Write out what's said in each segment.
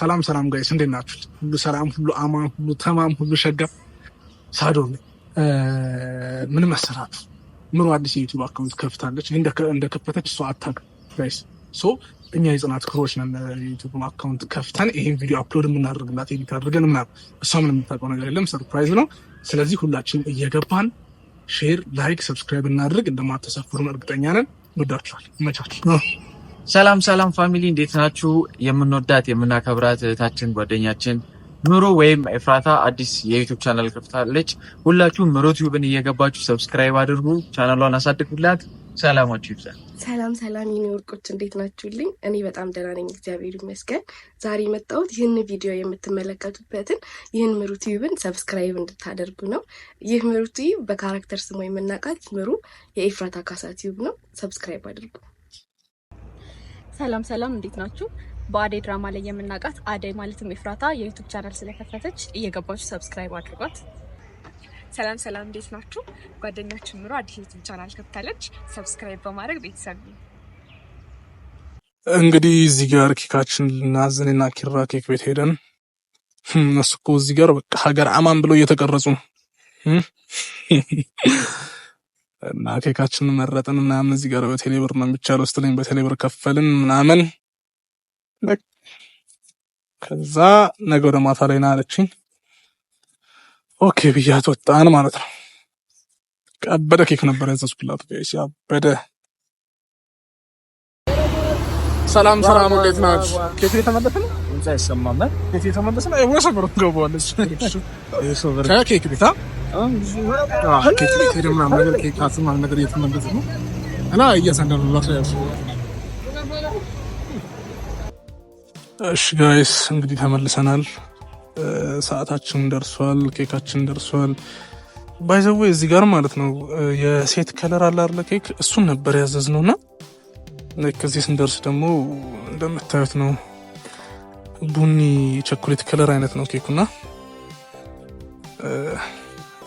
ሰላም ሰላም ጋይስ እንዴት ናችሁ? ሁሉ ሰላም፣ ሁሉ አማን፣ ሁሉ ተማም፣ ሁሉ ሸጋ ሳዶ ምን መሰራት ምሮ አዲስ የዩቱብ አካውንት ከፍታለች። እንደከፈተች እሷ አታውቅ ጋይስ። ሶ እኛ የጽናት ክሮች ነን። ዩቱብ አካውንት ከፍተን ይህን ቪዲዮ አፕሎድ የምናደርግላት ኤዲት አድርገን ምና እሷ ምን የምታውቀው ነገር የለም። ሰርፕራይዝ ነው። ስለዚህ ሁላችንም እየገባን ሼር፣ ላይክ፣ ሰብስክራይብ እናድርግ። እንደማተሰፍሩን እርግጠኛ ነን። ወዳችኋል። መቻችሁ ሰላም ሰላም ፋሚሊ እንዴት ናችሁ? የምንወዳት የምናከብራት እህታችን ጓደኛችን ምሩ ወይም ኤፍራታ አዲስ የዩቱብ ቻናል ከፍታለች። ሁላችሁም ምሩ ቲዩብን እየገባችሁ ሰብስክራይብ አድርጉ፣ ቻናሏን አሳድጉላት። ሰላማችሁ ይብዛል። ሰላም ሰላም የኔ ወርቆች እንዴት ናችሁልኝ? እኔ በጣም ደህና ነኝ፣ እግዚአብሔር ይመስገን። ዛሬ የመጣሁት ይህን ቪዲዮ የምትመለከቱበትን ይህን ምሩ ቲዩብን ሰብስክራይብ እንድታደርጉ ነው። ይህ ምሩ ቲዩብ በካራክተር ስሟ የምናውቃት ምሩ የኤፍራታ ካሳ ቲዩብ ነው። ሰብስክራይብ አድርጉ። ሰላም ሰላም፣ እንዴት ናችሁ? በአደይ ድራማ ላይ የምናውቃት አደይ ማለትም ኤፍራታ የዩቱብ ቻናል ስለከፈተች እየገባችሁ ሰብስክራይብ አድርጓት። ሰላም ሰላም፣ እንዴት ናችሁ? ጓደኛችን ምሮ አዲስ ዩቱብ ቻናል ከፍታለች። ሰብስክራይብ በማድረግ ቤተሰብ እንግዲህ እዚህ ጋር ኬካችን ልናዝንና ኪራ ኬክ ቤት ሄደን እነሱ እኮ እዚህ ጋር በቃ ሀገር አማን ብለው እየተቀረጹ ነው እና ኬካችንን መረጥን ምናምን እዚህ ጋር በቴሌብር ነው የሚቻለው ስትለኝ በቴሌብር ከፈልን ምናምን። ከዛ ነገ ወደ ማታ ላይ ና አለችኝ። ኦኬ ብያት ወጣን ማለት ነው። ቀበደ ኬክ ነበር ያዘዝኩላት። ያበደ ሰላም ሰላም፣ እንዴት ናችሁ? ኬክ የተመለሰ ነው ድምፅ አይሰማማል። ቤት የተመለሰ ወሰብር ትገባዋለች። ኬክ ቤታ ነገር የተመለሰ ነው እና እያሳንዳሉ ላሳያሱ እሺ ጋይስ እንግዲህ ተመልሰናል። ሰዓታችን ደርሷል። ኬካችን ደርሷል። ባይዘዌ እዚህ ጋር ማለት ነው የሴት ከለር አለ አይደለ? ኬክ እሱን ነበር ያዘዝ ነው እና ከዚህ ስንደርስ ደግሞ እንደምታዩት ነው ቡኒ ቸኮሌት ከለር አይነት ነው ኬኩና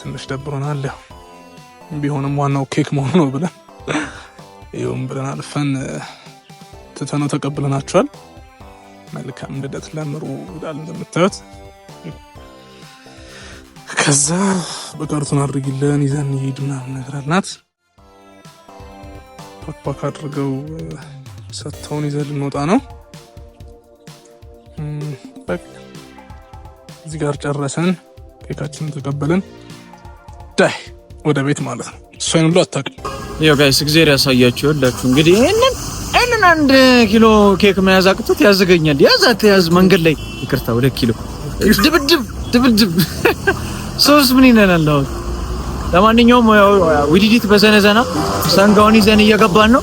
ትንሽ ደብሮናል። ያው ቢሆንም ዋናው ኬክ መሆኑ ነው ብለን ይሁን ብለን አልፈን ትተነው ተቀብለናቸዋል። መልካም ልደት ለምሩ ይላል እንደምታዩት። ከዛ በካርቶን አድርጊለን ይዘን ይሄድ ምናምን ነገር አልናት። ፓክፓክ አድርገው ሰጥተውን ይዘን ልንወጣ ነው። እዚህ ጋር ጨረሰን፣ ኬካችንን ተቀበልን። ዳይ ወደ ቤት ማለት ነው። እሷን ሁሉ አታውቅም። ያው ጋይስ እግዜር ያሳያችሁ። ይኸውላችሁ እንግዲህ ይህንን ይህንን አንድ ኪሎ ኬክ መያዝ አቅቶት ያዘገኛል። ያዝ አትያዝ መንገድ ላይ ይቅርታ፣ ሁለት ኪሎ ድብድብ ድብድብ ሶስት ምን ይነናል አሁን። ለማንኛውም ውድድት በዘነዘና ሰንጋውን ይዘን እየገባን ነው።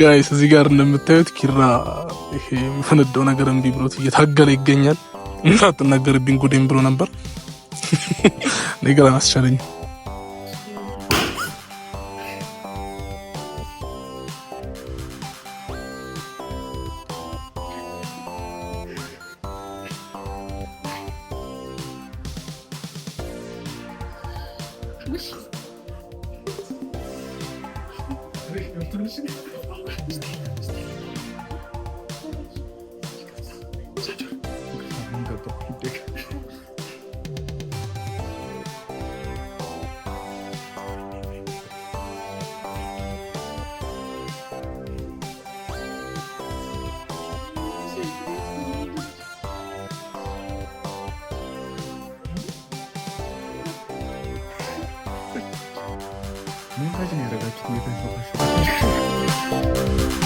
ጋይስ እዚህ ጋር እንደምታዩት ኪራ ይሄ የፈነዳው ነገር እምቢ ብሎት እየታገለ ይገኛል። እና እንዳትናገርብኝ ጉዴም ብሎ ነበር። ነገር አላስቻለኝም። ምን ባዝን ያደረጋችሁት?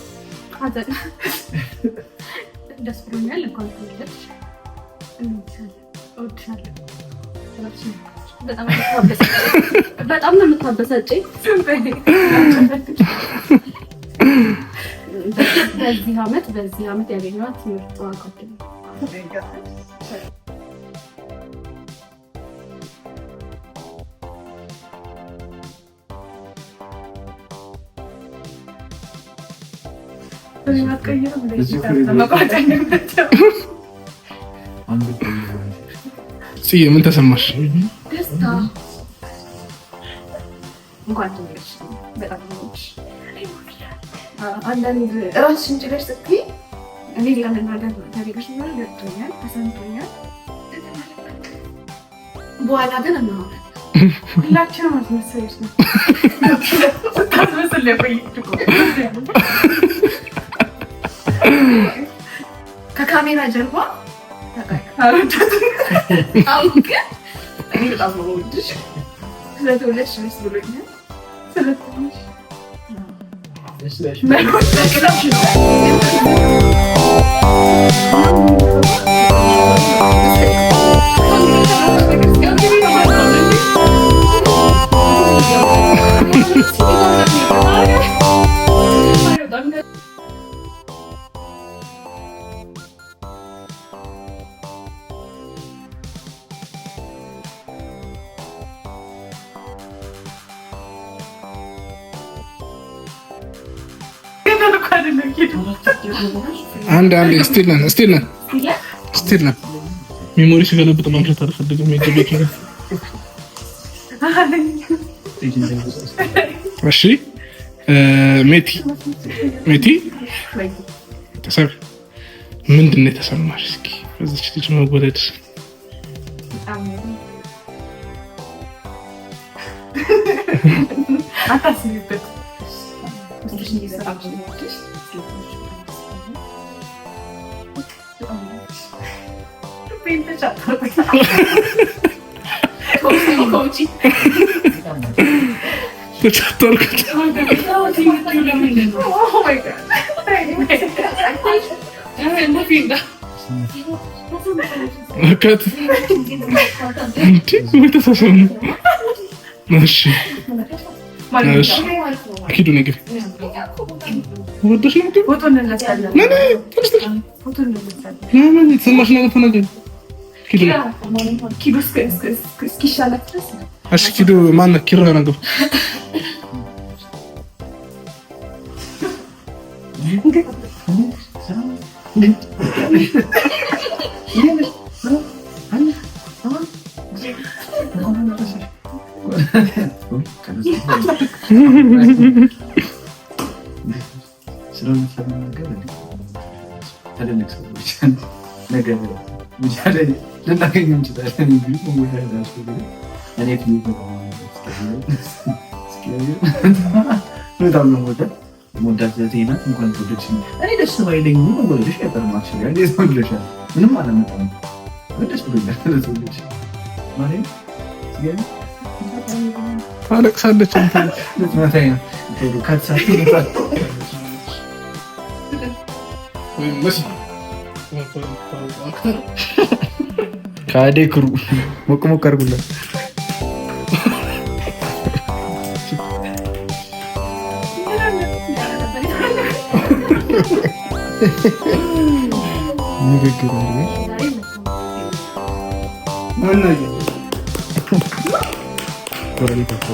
ሐዘን ደስ ብሎኛል። እንኳን ተወለድሽ። እወድሻለሁ። በጣም ነው የምታበሳጭኝ። በዚህ አመት በዚህ ዓመት ያገኘኋት ምርጥ ጓደኛ ጽዬ ምን ተሰማሽ? ደስታ አንዳንድ እራስሽን ችለሽ ስትይ እኔ ለመናደድ ታሪክሽ ነው ገብቶኛል፣ ተሰምቶኛል። በኋላ ግን እናሆነ ሁላችንም አስመሰለች ነው ስታስመስል ለቆየች か髪の情報高いから。あ、ちょっと。あ、OK? 이거 나 너무 웃기지? 그래도 열심히 쓰겠네? 쓰겠네. 열심히 열심히. አንድ አንድ ስቲል ነን ስቲል ነን ስቲል ነን። ሜሞሪ ሲገለብጥ ማምሸት አልፈልግም። እሺ ሜቲ ሜቲ ተሰብ ምንድን ነው የተሰማሽ? እስኪ በዚች ልጅ መወለድ አታስቢበት Diese Abschnitt. Pinta já tá. Como coaching. Eu já tô. Oh my god. É, no fim da. Макат. Ти Aqui do Nigga. ወዶሽ ነው ግን ፎቶ እንነሳለን። ነይ ነይ ትንሽ ትንሽ ፎቶ እንነሳለን። ነይ ነይ የተሰማሽ ነገር ተናገሪ። ኪዱ ኪዱ እስኪሻላት ድረስ እሺ። ኪዱ ማነው? ኪራ ነገር ነገር ልናገኝ እንችላለን ምንም ካዴክሩ ሞቅ ሞቅ አድርጉላት። ንግግር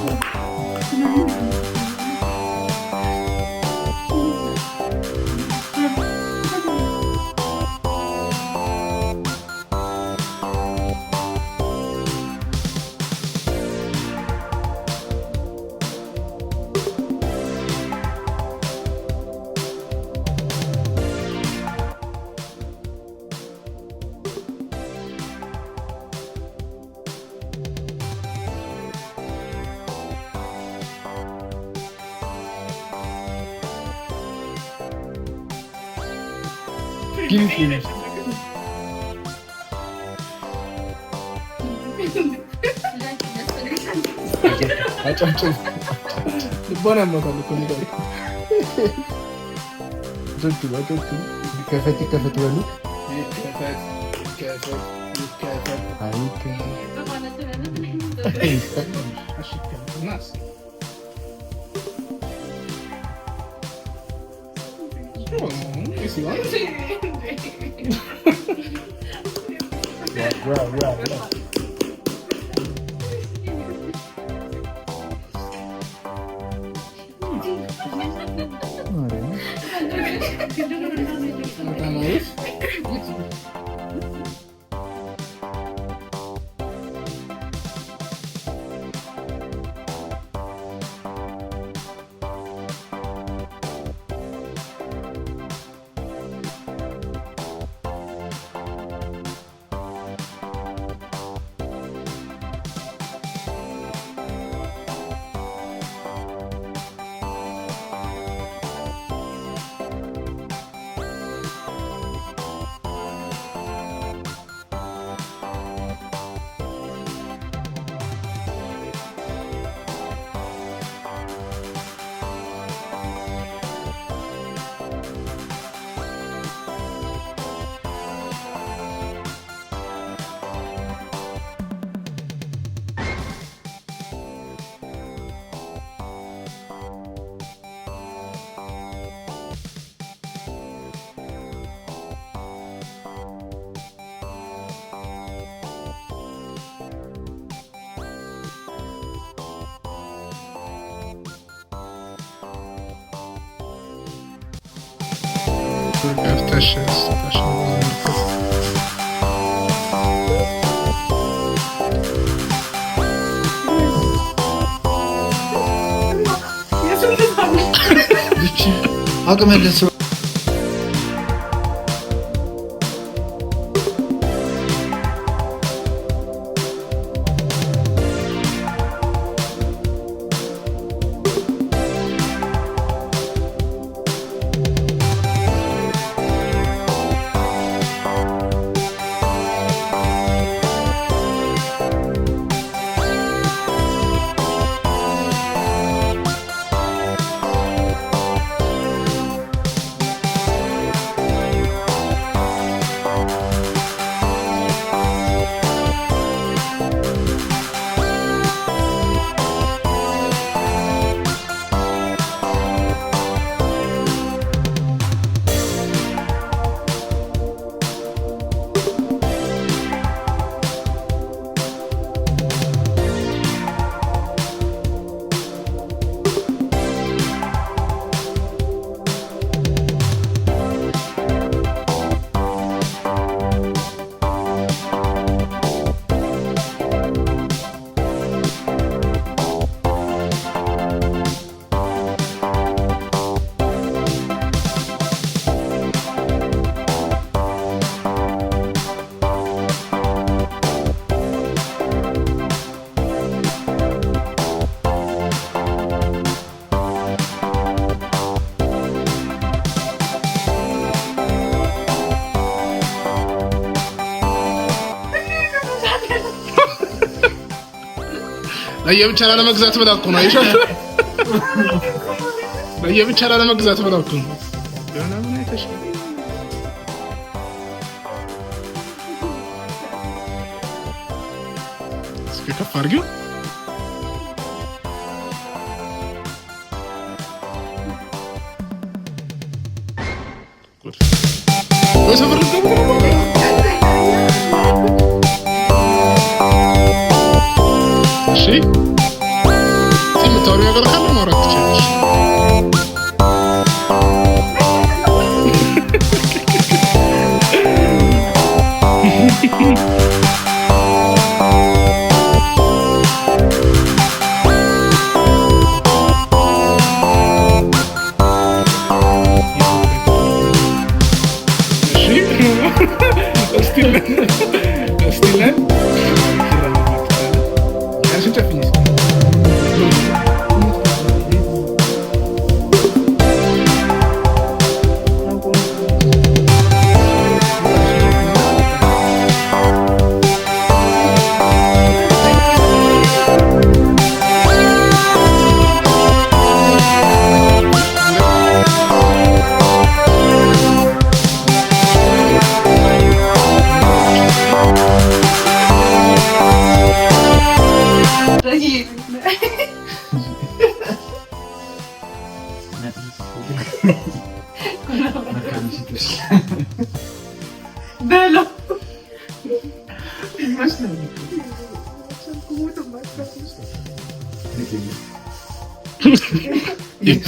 ነው difficile. Buona moto con il Giunti, ma giunti. Caffè, ti caffè tu vedi? Caffè, caffè, caffè. Ah, ok. Ma quando ti vedo, ti vedo. Ma si chiama Sila? Hindi. Wow, wow, wow. Wonderful Earth Ashes. Wonderful. Aga ben de ለየብቻ ላለመግዛት ብላ እኮ ነው። አይሻ ለየብቻ ላለመግዛት ብላ እኮ ነው። እስኪ ከፍ አድርጊው። morir. Si me está abriendo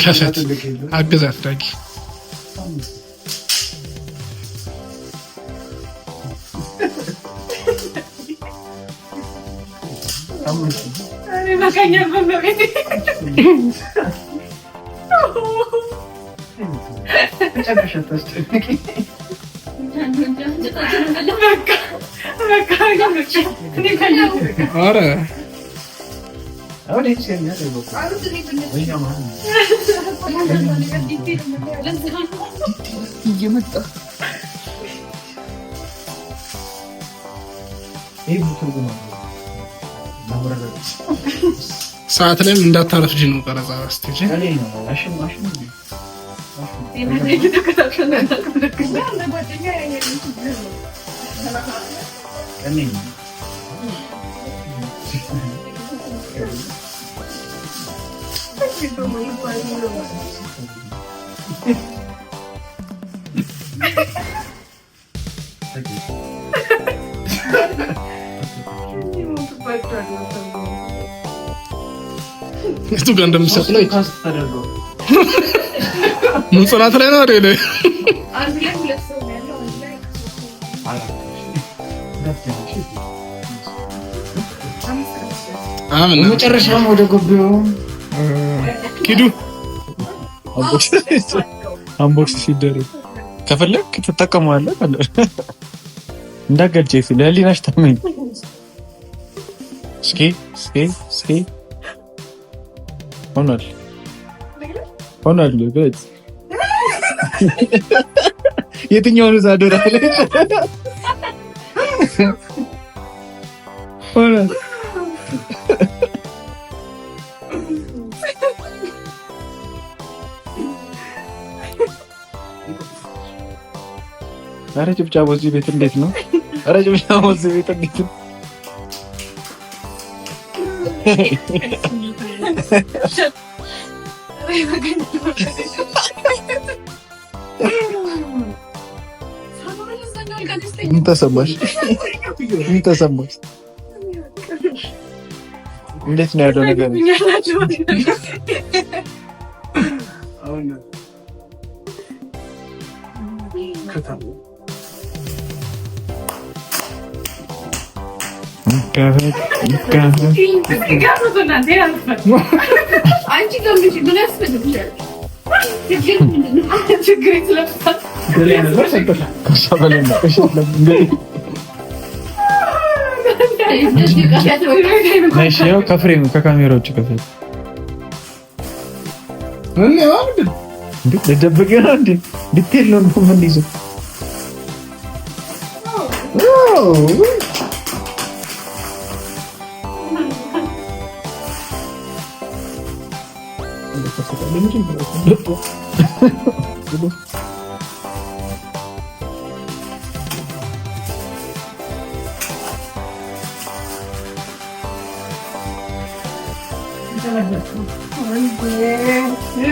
ተሰት አግዝ አትራጊ ኧረ ሰዓት ላይም እንዳታረፍጂ ነው ቀረጻ ስትሄጂ እኔ እቱ ጋር እንደምትሰጥ ላይ ምን ጽናት ላይ ነው አይደል? አምን መጨረሻም ወደ ጎብዮ ሂዱ አምቦክስ ሲደረግ ከፈለግ ትጠቀመዋለህ። እንዳገልጭ ለህሊናሽ ታመኝ። እስኪ እስኪ እስኪ ሆኗል ሆኗል። የትኛውን ዛዶራ ሆኗል ኧረ ጭብጫቦ እዚህ ቤት እንዴት ነው? ኧረ ጭብጫቦ እዚህ ቤት እንዴት ነው? ምን ተሰማሽ? ምን ተሰማሽ? እንዴት ነው ያለው ነገር? Kahve. Sigara zoruna ne yazmak? Aynı dönmüşü bunu yazmadım şöyle. ችግር የተለፋት ከፍሬም ከካሜራ ውጭ ከፍሬም ደበቀ ነው እንዴ? ዲቴል ነው ምን ይዘው Öyle mi diyorsun?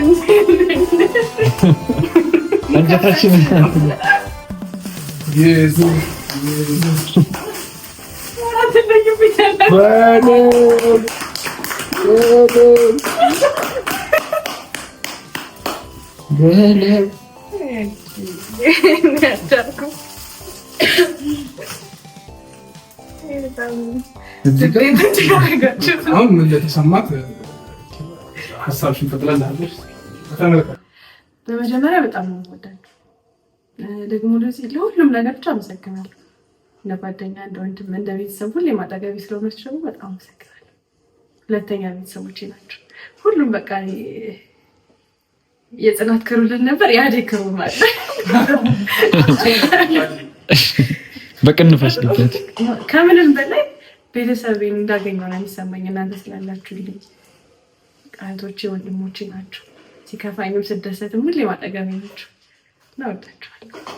Buldum. Bence kaçayım. Yüzüm, yüzüm. Hatırlayın bir yerden. Benim, benim. አሁን ምን ለተሰማት ሀሳብሽን ፈጥረላለች። በመጀመሪያ በጣም ነው የምወዳችሁ። ደግሞ ለዚህ ለሁሉም ነገር ብቻ አመሰግናለሁ። እንደ ጓደኛ፣ እንደ ወንድም፣ እንደ ቤተሰብ ሁሌ ማጠገቢ ስለሆነች ደግሞ በጣም አመሰግናለሁ። ሁለተኛ ቤተሰቦቼ ናቸው ሁሉም በቃ የጽናት ክሩልን ነበር ያደ ክሩ ማለት በቅንፈስ ግበት ከምንም በላይ ቤተሰቤን እንዳገኘው ነው የሚሰማኝ። እናንተ ስላላችሁ ልጅ እህቶቼ፣ ወንድሞቼ ናቸው። ሲከፋኝም ስደሰትም ሁሌ ማጠገቤ ናቸው። እናወዳችኋለሁ።